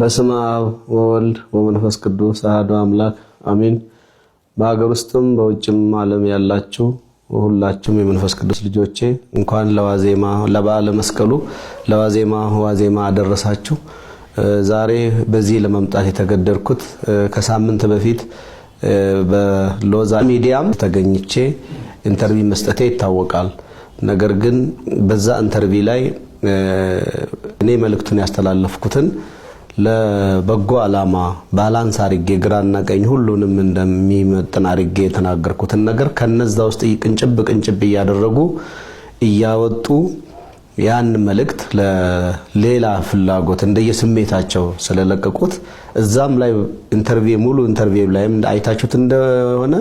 በስመ አብ ወወልድ ወመንፈስ ቅዱስ አሐዱ አምላክ አሜን። በሀገር ውስጥም በውጭም ዓለም ያላችሁ ሁላችሁም የመንፈስ ቅዱስ ልጆቼ እንኳን ለዋዜማ ለበዓለ መስቀሉ ለዋዜማ ዋዜማ አደረሳችሁ። ዛሬ በዚህ ለመምጣት የተገደድኩት ከሳምንት በፊት በሎዛ ሚዲያም ተገኝቼ ኢንተርቪው መስጠቴ ይታወቃል። ነገር ግን በዛ ኢንተርቪው ላይ እኔ መልእክቱን ያስተላለፍኩትን ለበጎ አላማ ባላንስ አርጌ ግራና ቀኝ ሁሉንም እንደሚመጥን አርጌ የተናገርኩትን ነገር ከነዛ ውስጥ ቅንጭብ ቅንጭብ እያደረጉ እያወጡ ያን መልእክት ለሌላ ፍላጎት እንደየስሜታቸው ስለለቀቁት እዛም ላይ ኢንተርቪው ሙሉ ኢንተርቪው ላይም አይታችሁት እንደሆነ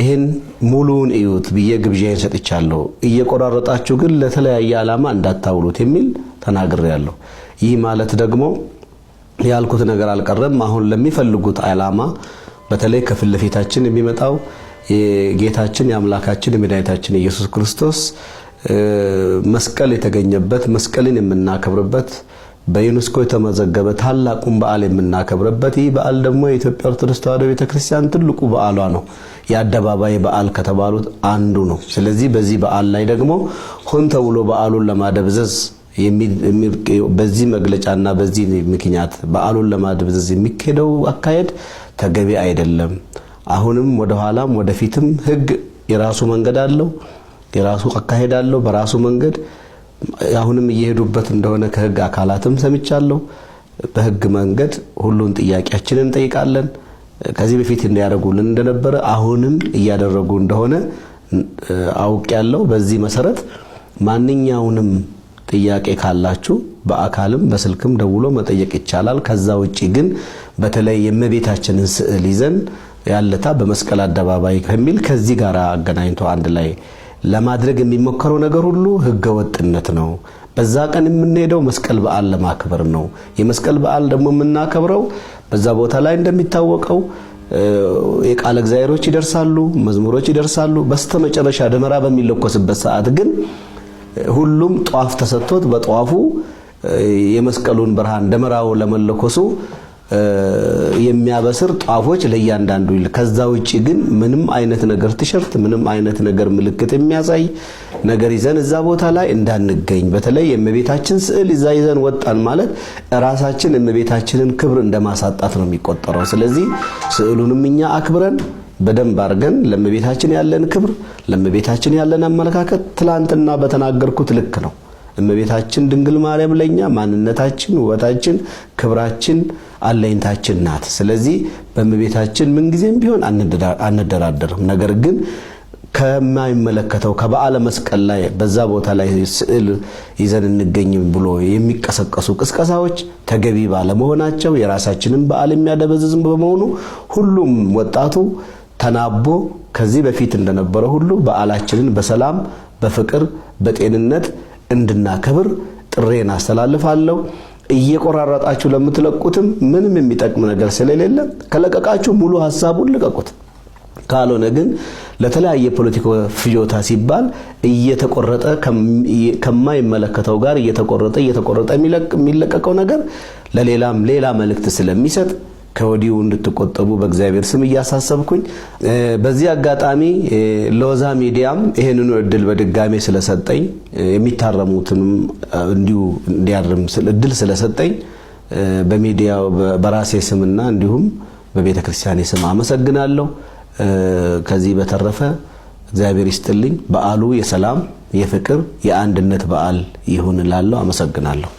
ይህን ሙሉውን እዩት ብዬ ግብዣዬን ሰጥቻለሁ። እየቆራረጣችሁ ግን ለተለያየ ዓላማ እንዳታውሉት የሚል ተናግሬያለሁ። ይህ ማለት ደግሞ ያልኩት ነገር አልቀረም። አሁን ለሚፈልጉት ዓላማ በተለይ ከፊት ለፊታችን የሚመጣው የጌታችን የአምላካችን የመድኃኒታችን ኢየሱስ ክርስቶስ መስቀል የተገኘበት መስቀልን የምናከብርበት በዩኔስኮ የተመዘገበ ታላቁን በዓል የምናከብርበት ይህ በዓል ደግሞ የኢትዮጵያ ኦርቶዶክስ ተዋሕዶ ቤተክርስቲያን ትልቁ በዓሏ ነው። የአደባባይ በዓል ከተባሉት አንዱ ነው። ስለዚህ በዚህ በዓል ላይ ደግሞ ሆን ተብሎ በዓሉን ለማደብዘዝ በዚህ መግለጫና በዚህ ምክንያት በዓሉን ለማድበዘዝ የሚካሄደው አካሄድ ተገቢ አይደለም። አሁንም ወደኋላም ወደፊትም ህግ የራሱ መንገድ አለው፣ የራሱ አካሄድ አለው። በራሱ መንገድ አሁንም እየሄዱበት እንደሆነ ከህግ አካላትም ሰምቻለሁ። በህግ መንገድ ሁሉን ጥያቄያችንን እንጠይቃለን። ከዚህ በፊት እንዲያደርጉልን እንደነበረ አሁንም እያደረጉ እንደሆነ አውቅ ያለው በዚህ መሰረት ማንኛውንም ጥያቄ ካላችሁ በአካልም በስልክም ደውሎ መጠየቅ ይቻላል። ከዛ ውጪ ግን በተለይ የእመቤታችንን ስዕል ይዘን ያለታ በመስቀል አደባባይ ከሚል ከዚህ ጋር አገናኝቶ አንድ ላይ ለማድረግ የሚሞከረው ነገር ሁሉ ህገ ወጥነት ነው። በዛ ቀን የምንሄደው መስቀል በዓል ለማክበር ነው። የመስቀል በዓል ደግሞ የምናከብረው በዛ ቦታ ላይ እንደሚታወቀው የቃለ እግዚአብሔሮች ይደርሳሉ፣ መዝሙሮች ይደርሳሉ። በስተመጨረሻ ደመራ በሚለኮስበት ሰዓት ግን ሁሉም ጧፍ ተሰጥቶት በጧፉ የመስቀሉን ብርሃን ደመራው ለመለኮሱ የሚያበስር ጧፎች ለእያንዳንዱ ይል። ከዛ ውጭ ግን ምንም አይነት ነገር ቲሸርት፣ ምንም አይነት ነገር ምልክት የሚያሳይ ነገር ይዘን እዛ ቦታ ላይ እንዳንገኝ። በተለይ የእመቤታችን ስዕል ይዛ ይዘን ወጣን ማለት ራሳችን የእመቤታችንን ክብር እንደማሳጣት ነው የሚቆጠረው። ስለዚህ ስዕሉንም እኛ አክብረን በደንብ አድርገን ለእመቤታችን ያለን ክብር፣ ለእመቤታችን ያለን አመለካከት ትላንትና በተናገርኩት ልክ ነው። እመቤታችን ድንግል ማርያም ለኛ ማንነታችን፣ ውበታችን፣ ክብራችን፣ አለኝታችን ናት። ስለዚህ በእመቤታችን ምንጊዜም ቢሆን አንደራደርም። ነገር ግን ከማይመለከተው ከበዓለ መስቀል ላይ በዛ ቦታ ላይ ስዕል ይዘን እንገኝም ብሎ የሚቀሰቀሱ ቅስቀሳዎች ተገቢ ባለመሆናቸው የራሳችንን በዓል የሚያደበዝዝም በመሆኑ ሁሉም ወጣቱ ተናቦ ከዚህ በፊት እንደነበረ ሁሉ በዓላችንን በሰላም በፍቅር በጤንነት እንድናከብር ጥሬን አስተላልፋለሁ። እየቆራረጣችሁ ለምትለቁትም ምንም የሚጠቅም ነገር ስለሌለ ከለቀቃችሁ ሙሉ ሀሳቡን ልቀቁት። ካልሆነ ግን ለተለያየ ፖለቲካ ፍጆታ ሲባል እየተቆረጠ ከማይመለከተው ጋር እየተቆረጠ እየተቆረጠ የሚለቀቀው ነገር ለሌላም ሌላ መልእክት ስለሚሰጥ ከወዲሁ እንድትቆጠቡ በእግዚአብሔር ስም እያሳሰብኩኝ በዚህ አጋጣሚ ሎዛ ሚዲያም ይህንኑ እድል በድጋሜ ስለሰጠኝ የሚታረሙትንም እንዲሁ እንዲያርም እድል ስለሰጠኝ በሚዲያ በራሴ ስምና እንዲሁም በቤተ ክርስቲያኔ ስም አመሰግናለሁ። ከዚህ በተረፈ እግዚአብሔር ይስጥልኝ። በዓሉ የሰላም የፍቅር፣ የአንድነት በዓል ይሁን እላለሁ። አመሰግናለሁ።